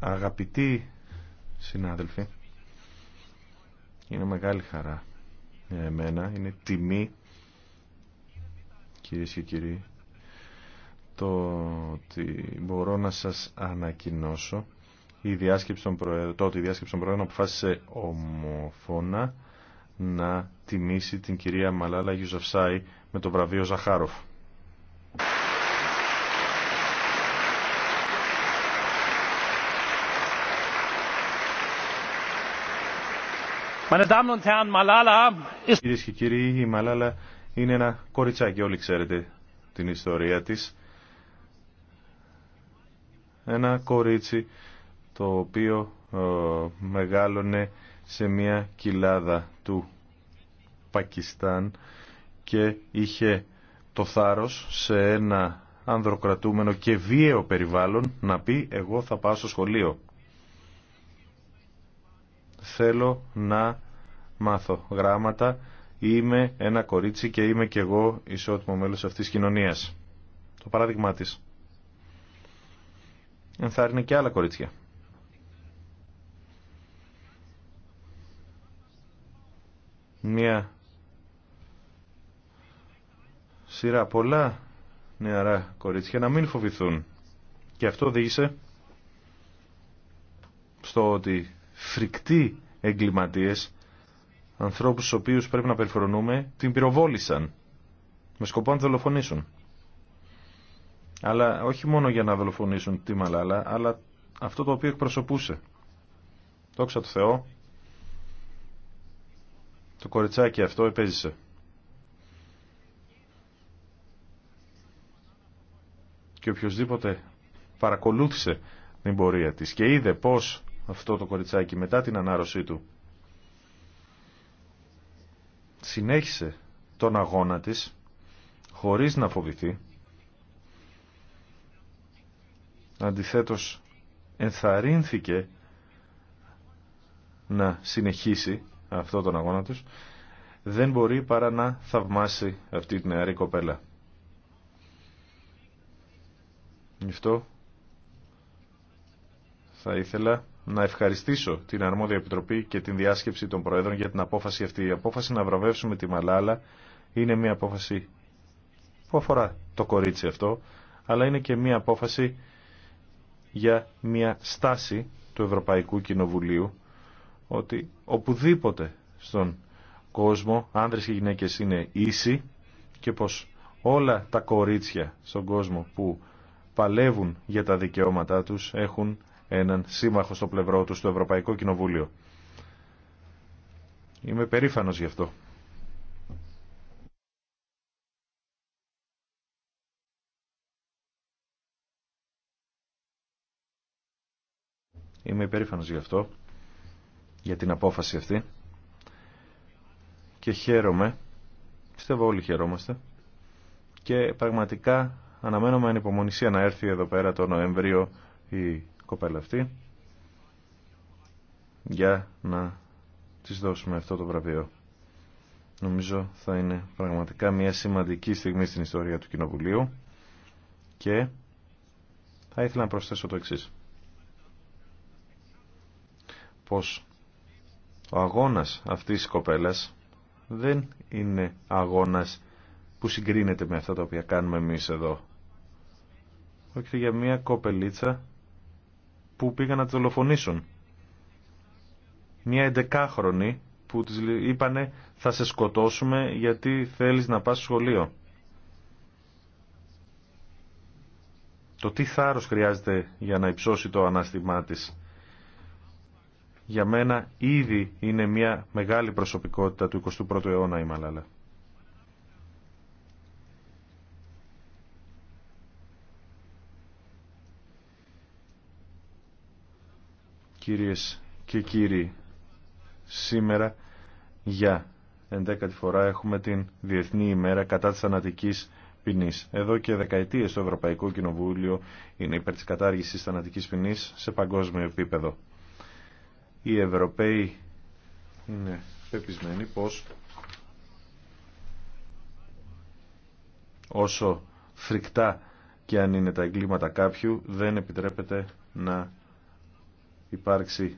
Αγαπητοί συνάδελφοι, είναι μεγάλη χαρά για εμένα, είναι τιμή κυρίε και κύριοι το ότι μπορώ να σας ανακοινώσω η διάσκεψη των προέδρων, το ότι η διάσκεψη των προέδρων αποφάσισε ομοφώνα να τιμήσει την κυρία Μαλάλα Γιουζαφσάη με το βραβείο Ζαχάροφ. Κυρίε και κύριοι, η Μαλάλα είναι ένα κοριτσάκι, όλοι ξέρετε την ιστορία της. Ένα κορίτσι το οποίο ε, μεγάλωνε σε μια κοιλάδα του Πακιστάν και είχε το θάρρος σε ένα ανδροκρατούμενο και βίαιο περιβάλλον να πει εγώ θα πάω στο σχολείο θέλω να μάθω γράμματα. Είμαι ένα κορίτσι και είμαι και εγώ ισότιμο μέλος αυτής της κοινωνίας. Το παράδειγμά της. Ενθάρρυνε και άλλα κορίτσια. Μια σειρά πολλά νεαρά κορίτσια να μην φοβηθούν. Και αυτό οδήγησε στο ότι φρικτοί εγκληματίες, ανθρώπους στους οποίους πρέπει να περιφρονούμε, την πυροβόλησαν με σκοπό να δολοφονήσουν. Αλλά όχι μόνο για να δολοφονήσουν τη Μαλάλα, αλλά αυτό το οποίο εκπροσωπούσε. Δόξα του Θεό, το κοριτσάκι αυτό επέζησε. Και οποιοδήποτε παρακολούθησε την πορεία της και είδε πως αυτό το κοριτσάκι μετά την ανάρρωσή του. Συνέχισε τον αγώνα της χωρίς να φοβηθεί. Αντιθέτως ενθαρρύνθηκε να συνεχίσει αυτό τον αγώνα τους. Δεν μπορεί παρά να θαυμάσει αυτή την νεαρή κοπέλα. Γι' αυτό θα ήθελα να ευχαριστήσω την Αρμόδια Επιτροπή και την διάσκεψη των Προέδρων για την απόφαση αυτή. Η απόφαση να βραβεύσουμε τη Μαλάλα είναι μια απόφαση που αφορά το κορίτσι αυτό, αλλά είναι και μια απόφαση για μια στάση του Ευρωπαϊκού Κοινοβουλίου ότι οπουδήποτε στον κόσμο άνδρες και γυναίκες είναι ίσοι και πως όλα τα κορίτσια στον κόσμο που παλεύουν για τα δικαιώματά τους έχουν έναν σύμμαχο στο πλευρό του στο Ευρωπαϊκό Κοινοβούλιο. Είμαι περήφανος γι' αυτό. Είμαι υπερήφανος γι' αυτό, για την απόφαση αυτή και χαίρομαι, πιστεύω όλοι χαιρόμαστε και πραγματικά αναμένω με ανυπομονησία να έρθει εδώ πέρα το Νοέμβριο η κοπέλα αυτή για να της δώσουμε αυτό το βραβείο. Νομίζω θα είναι πραγματικά μια σημαντική στιγμή στην ιστορία του Κοινοβουλίου και θα ήθελα να προσθέσω το εξής. Πως ο αγώνας αυτής της κοπέλας δεν είναι αγώνας που συγκρίνεται με αυτά τα οποία κάνουμε εμείς εδώ. Όχι για μια κοπελίτσα που πήγαν να τη δολοφονήσουν. Μια εντεκάχρονη που της είπανε θα σε σκοτώσουμε γιατί θέλεις να πας σχολείο. Το τι θάρρος χρειάζεται για να υψώσει το ανάστημά της. Για μένα ήδη είναι μια μεγάλη προσωπικότητα του 21ου αιώνα η Μαλάλα. Κυρίες και κύριοι, σήμερα για 11 φορά έχουμε την Διεθνή ημέρα κατά της θανατικής ποινής. Εδώ και δεκαετίες το Ευρωπαϊκό Κοινοβούλιο είναι υπέρ της κατάργησης θανατικής ποινής σε παγκόσμιο επίπεδο. Οι Ευρωπαίοι είναι πεπισμένοι πως όσο φρικτά και αν είναι τα εγκλήματα κάποιου δεν επιτρέπεται να υπάρξει